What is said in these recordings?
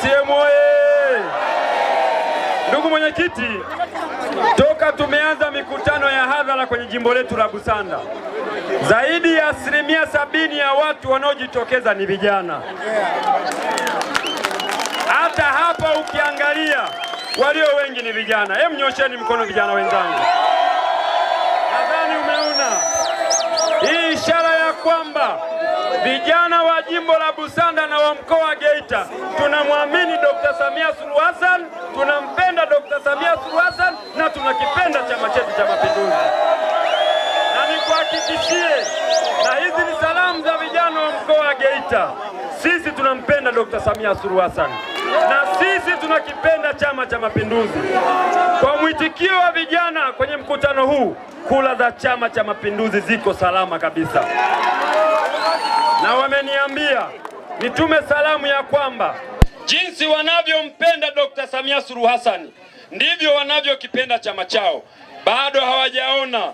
CCM oye! Ndugu mwenyekiti, toka tumeanza mikutano ya hadhara kwenye jimbo letu la Busanda, zaidi ya asilimia sabini ya watu wanaojitokeza ni vijana. Hata hapa ukiangalia walio wengi ni vijana. Hebu nyosheni mkono vijana wenzangu. Nadhani umeona hii ishara ya kwamba Vijana wa jimbo la Busanda na wa mkoa wa Geita tunamwamini Dr. Samia Suluhu Hassan, tunampenda Dr. Samia Suluhu Hassan na tunakipenda chama chetu cha Mapinduzi. Na nikuhakikishie, na hizi ni salamu za vijana wa mkoa wa Geita, sisi tunampenda Dr. Samia Suluhu Hassan na sisi tunakipenda chama cha Mapinduzi. Kwa mwitikio wa vijana kwenye mkutano huu, kula za chama cha Mapinduzi ziko salama kabisa na wameniambia nitume salamu ya kwamba jinsi wanavyompenda Dr. Samia Suluhu Hassan ndivyo wanavyokipenda chama chao. Bado hawajaona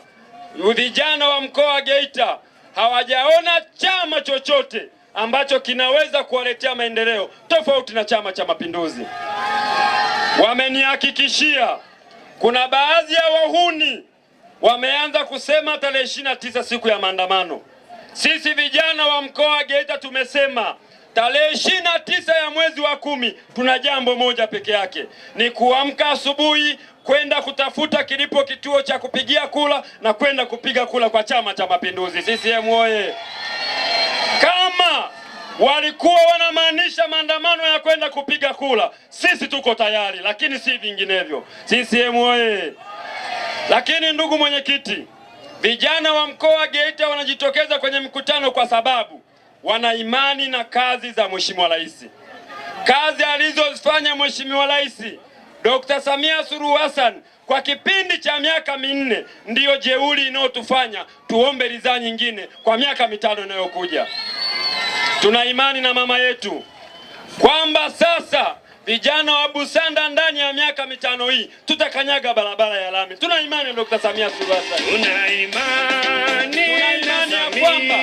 vijana wa mkoa wa Geita hawajaona chama chochote ambacho kinaweza kuwaletea maendeleo tofauti na Chama cha Mapinduzi. Wamenihakikishia kuna baadhi ya wahuni wameanza kusema tarehe 29 tisa siku ya maandamano sisi vijana wa mkoa wa Geita tumesema tarehe ishirini na tisa ya mwezi wa kumi tuna jambo moja peke yake, ni kuamka asubuhi kwenda kutafuta kilipo kituo cha kupigia kula na kwenda kupiga kula kwa Chama cha Mapinduzi, CCM oye! Kama walikuwa wanamaanisha maandamano ya kwenda kupiga kula, sisi tuko tayari, lakini si vinginevyo. CCM oye! Lakini ndugu mwenyekiti Vijana wa mkoa wa Geita wanajitokeza kwenye mkutano kwa sababu wana imani na kazi za Mheshimiwa Rais, kazi alizozifanya Mheshimiwa Rais Dr. Samia Suluhu Hassan kwa kipindi cha miaka minne, ndiyo jeuri inayotufanya tuombe ridhaa nyingine kwa miaka mitano inayokuja. Tuna imani na mama yetu kwamba sasa Vijana wa Busanda ndani ya miaka mitano hii tutakanyaga barabara ya lami. Tuna imani Dr. Samia Suluhu Hassan. Tuna imani, tuna imani ya kwamba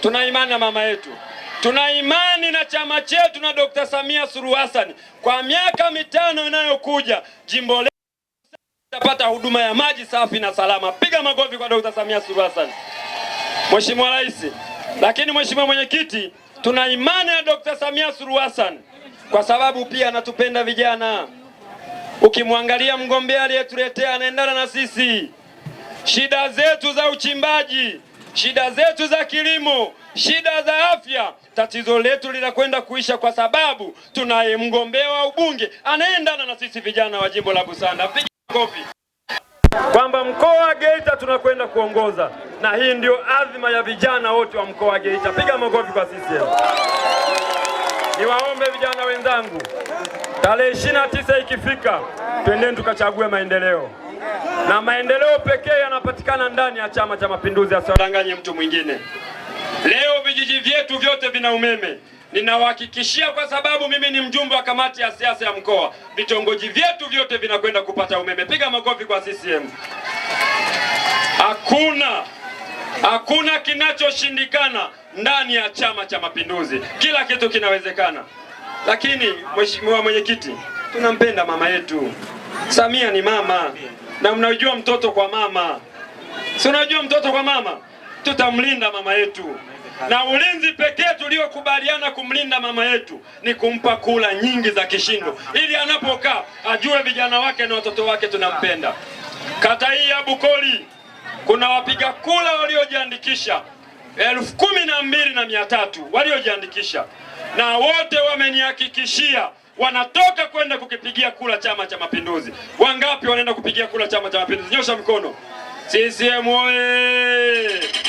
tuna imani na mama yetu, tuna imani na chama chetu na Dr. Samia Suluhu Hassan. Kwa miaka mitano inayokuja jimbo letu huduma ya maji safi na salama. Piga makofi kwa Dr. Samia Suluhu Hassan. Mheshimiwa Rais, lakini Mheshimiwa Mwenyekiti, tuna imani na Dr. Samia Suluhu Hassan kwa sababu pia anatupenda vijana. Ukimwangalia mgombea aliyetuletea anaendana na sisi, shida zetu za uchimbaji, shida zetu za kilimo, shida za afya, tatizo letu linakwenda kuisha kwa sababu tunaye mgombea wa ubunge anaendana na sisi vijana wa jimbo la Busanda. Piga makofi kwamba mkoa wa Geita tunakwenda kuongoza, na hii ndio azima ya vijana wote wa mkoa wa Geita. Piga makofi kwa sisi niwaombe vijana wenzangu, tarehe ishirini na tisa ikifika, twendeni tukachague maendeleo, na maendeleo pekee yanapatikana ndani ya Chama cha Mapinduzi, asiwadanganye mtu mwingine. Leo vijiji vyetu vyote vina umeme, ninawahakikishia, kwa sababu mimi ni mjumbe wa kamati ya siasa ya mkoa. Vitongoji vyetu vyote vinakwenda kupata umeme. Piga makofi kwa CCM. Hakuna Hakuna kinachoshindikana ndani ya Chama cha Mapinduzi, kila kitu kinawezekana. Lakini mheshimiwa mwenyekiti, tunampenda mama yetu Samia, ni mama na mnajua mtoto kwa mama, si unajua mtoto kwa mama, tutamlinda mama yetu, na ulinzi pekee tuliokubaliana kumlinda mama yetu ni kumpa kula nyingi za kishindo, ili anapokaa ajue vijana wake na watoto wake tunampenda. Kata hii ya Bukoli kuna wapiga kura waliojiandikisha elfu kumi na mbili na mia tatu waliojiandikisha, na wote wamenihakikishia wanatoka kwenda kukipigia kura Chama cha Mapinduzi. Wangapi wanaenda kupigia kura Chama cha Mapinduzi? Nyosha mkono. CCM oye!